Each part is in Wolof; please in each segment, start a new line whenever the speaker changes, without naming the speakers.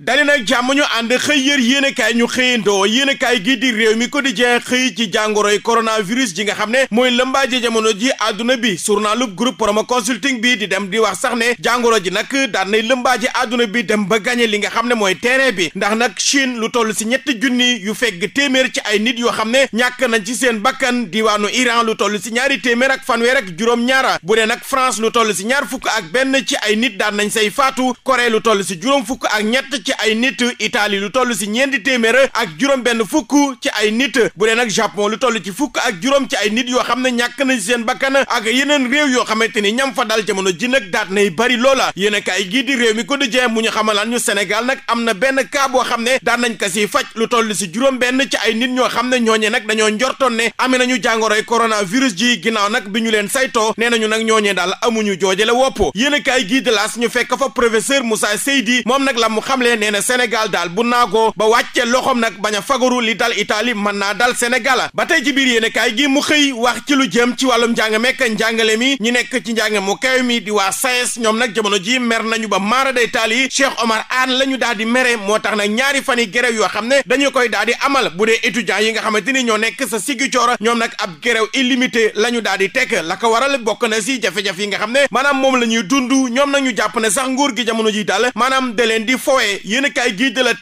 dali nag jàmm ñu ànd xëy yër yéenekaay ñu xëyandoo yéenekaay gi di réew mi quotidien xëy ci jàngoroy coronavirus ji nga xam ne mooy lëmbaaje jamono ji àdduna bi journalub groupe promo consulting bi di dem di wax sax ne jàngoro ji nag daan nay lëmbaaje àdduna bi dem ba gañe li nga xam ne mooy terrain bi ndax nag Chine lu toll si ñetti junni yu fegg téeméer ci ay nit yoo xam ne ñàkk nañ ci seen bakkan diwaanu Iran lu toll si ñaari téeméer ak fanweer ak juróom-ñaara bu dee nag France lu toll si ñaar fukk ak benn ci ay nit daan nañ say faatu Corée toll si juróom fukk ak ñett ci ay nit Italie lu toll si ñeenti téeméer ak juróom benn fukk ci ay nit bu dee nag Japon lu toll ci fukk ak juróom ci ay nit yoo xam ne ñàkk nañ seen bakkan ak yeneen réew yoo xamante ni ñam fa dal jamono ji nag daat nay bari loola yéen a gii di réew mi ko di mu ñu xamalaan ñu Sénégal nag am na benn cas boo xam ne daan nañ ko si faj lu toll si juróom benn ci ay nit ñoo xam ne ñooñe nag dañoo njortoon ne amee nañu jàngoroy coronavirus ji ginnaaw nag bi ñu leen sayto nee nañu nag ñooñee daal amuñu joojale wopp yéen a kaay gii di ñu fekk fa professeur Moussa Seydi moom nag la mu nee na Sénégal daal bu naagoo ba wàcce loxoom nag bañ a fagaru li dal Italie mën naa dal Sénégal ba tey ci biir yéenekaay gi mu xëy wax ci lu jëm ci wàllum njàng mekk njàngale mi ñu nekk ci njàng mu kaw mi di waa SAES e ñoom nag jamono ji mer nañu ba maara day taal yi Cheikh Omar Anne la ñu daal di mere moo tax nag ñaari fan yi grève yoo xam ne dañu koy daal di amal bu dee étudiants yi nga xamante ni ñoo nekk sa Ziguinchor ñoom nag ab grève illimité la ñu daal di tekk la bokk na si jafe yi nga xam ne maanaam moom la ñuy dund ñoom nag jàpp ne sax gi jamono ji daal maanaam da leen di fowe yéen a kaay gii de la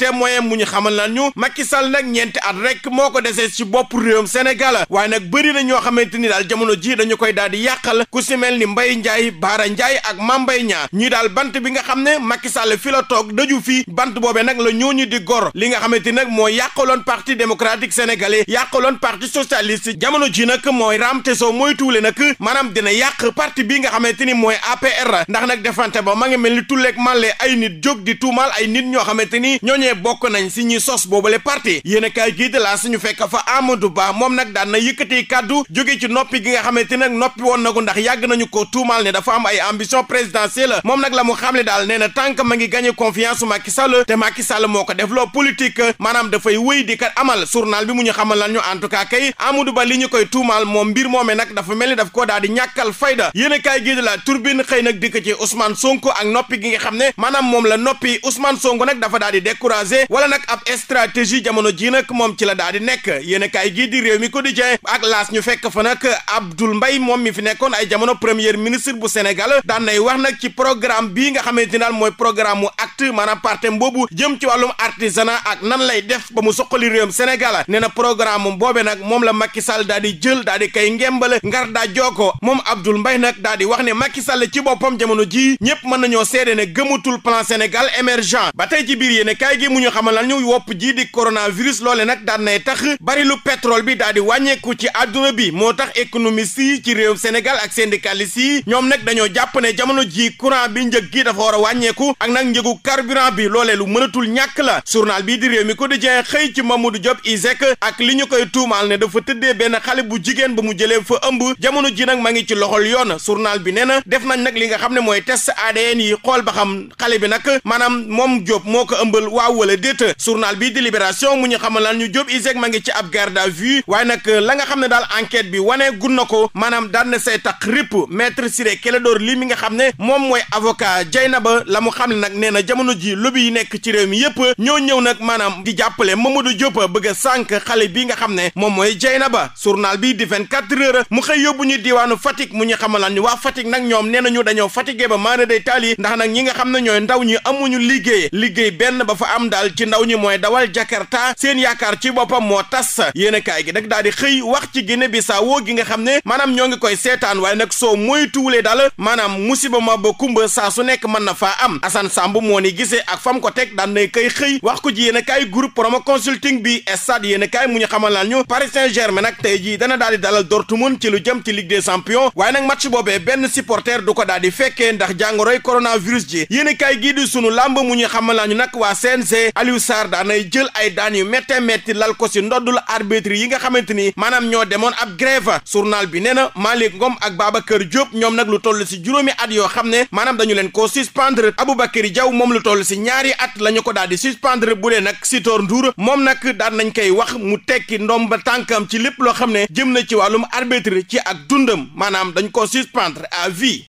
mu ñu xamal na ñu Macky Sall nag ñeenti at rek moo ko desee ci bopp réewum Sénégal waaye nag bëri na ñoo xamante ni daal jamono ji dañu koy daal di yàqal ku si mel ni mbay Ndiaye Baara Ndiaye ak mambay Mbaye ñi daal bant bi nga xam ne Macky Sall fi la toog daju fi bant boobee nag la ñooñu di gor li nga xamante ni nag moo yàqaloon parti démocratique sénégalais yàqaloon parti socialiste jamono ji nag mooy raamte soo mooy tuule nag maanaam dina yàq parti bi nga xamante ni mooy APR ndax nag defante ba ma ngi mel ni tulleeg màlle ay nit jóg di tuumaal ay nit ñoo xamante ni ñooñee bokk nañ si ñi sos boobule parti yéen a kaay gii de suñu fekk fa Amadou Ba moom nag daan na yëkkati kàddu jóge ci noppi gi nga xamante nag noppi woon na ko ndax yàgg nañu ko tuumaal ne dafa am ay ambition présidentielle moom nag la mu xamle daal nee na tànk ma ngi gagné confiance Macky Sall te Macky Sall moo ko def loo politique maanaam dafay wéy di kat amal journal bi mu ñu xamal lan ñu en tout cas kay Amadou Ba li ñu koy tuumaal moom mbir moomee nag dafa mel ni daf ko daal di ñàkkal fayda yéen a kaay gii de la turbine xëy nag dikk ci Ousmane Sonko ak noppi gi nga xam ne maanaam moom la noppi Ousmane Sonko Sonko nag dafa daal di découragé wala nag ab stratégie jamono ji nag moom ci la daal di nekk yéen kaay gii di réew mi quotidien ak laas ñu fekk fa nag Abdoul mbay moom mi fi nekkoon ay jamono premier ministre bu Sénégal daan nay wax nag ci programme bii nga xamante ni daal mooy programme mu acte maanaam partem boobu jëm ci wàllum artisanat ak nan lay def ba mu soqali réewum Sénégal nee na programme moom boobee nag moom la Macky Sall daal di jël daal di kay ngembale ngar daa jooko moom Abdoul Mbaye nag daal di wax ne Macky Sall ci boppam jamono jii ñëpp mën nañoo seede ne gëmatul plan Sénégal émergent ba tey ci biir yéene kaay gi mu ñu xamal nañu wopp ji di coronavirus loole nag daan nay tax bari lu pétrole bi daal di wàññeeku ci àdduna bi moo tax économiste yi ci réew Sénégal ak syndicaliste si ñoom nag dañoo jàpp ne jamono ji courant bi njëg gi dafa war a wàññeeku ak nag njëgu carburant bi loolee lu mënatul ñàkk la journal bii di réew mi quotidien xëy ci Mamadou Diop ISEC ak li ñu koy tuumaal ne dafa tëddee benn xale bu jigéen ba mu jëlee fa ëmb jamono ji nag ma ngi ci loxol yoon journal bi nee def nañ nag li nga xam ne mooy test ADN yi xool ba xam xale bi nag maanaam moom moo ko ëmbal waaw wala déet journal bii di Libération mu ñu xamalaan ñu Diop ISEG ma ngi ci ab garde waaye nag la nga xam ne daal enquête bi wanee gun na ko maanaam daan na say tax ripp maître Ciré Clédor lii mi nga xam ne moom mooy na ba la mu xam nag nee na jamono ji lobby yi nekk ci réew mi yépp ñëw ñëw nag maanaam di jàppale Mamadou Diop bëgg a sànq xale bi nga xam ne moom mooy jay Dieynaba journal bi di 24 heures mu xëy yóbbu ñu diwaanu Fatick mu ñu xamalaan ñu waa Fatick nag ñoom nee nañu dañoo fatigué ba maana day taal yi ndax nag ñi nga xam ne ñooy ndaw ñi amuñu liggéey liggéey benn ba fa am daal ci ndaw ñi mooy dawal Jakarta seen yaakaar ci boppam moo tas yéenekaay gi nag daal xëy wax ci Guinée Bissau gi nga xam ne maanaam ñoo ngi koy seetaan waaye nag soo moytuwulee daal maanaam musiba ma ba kumba saa su nekk mën na faa am Assane Samb moo ni gisee ak fam ko teg daan nay koy xëy wax ko ci yéenekaay groupe promo consulting bi stade yéenekaay mu ñu xamal laan ñu Paris Saint-Germain nag tey jii dana daal di dalal Dortmund ci lu jëm ci Ligue des Champions waaye nag match boobee benn supporter ko daal di fekkee ndax jàngoroy coronavirus ji yéenekaay lañu nag waa CNG Aliou Sarr daanay jël ay daan yu méttee métti lal ko si ndoddul arbitre yi nga xamante ni maanaam ñoo demoon ab grève journal bi nee na Malick Ngom ak Babacar Diop ñoom nag lu toll si juróomi at yoo xam ne maanaam dañu leen ko suspendre Aboubacry jaw moom lu toll si ñaari at lañu ko daal di suspendre bu dee nag Sitor Ndour moom nag daan nañ koy wax mu tekki ndom ba tànkam ci lépp loo xam ne jëm na ci wàllum arbitre ci ak dundam maanaam dañ ko suspendre à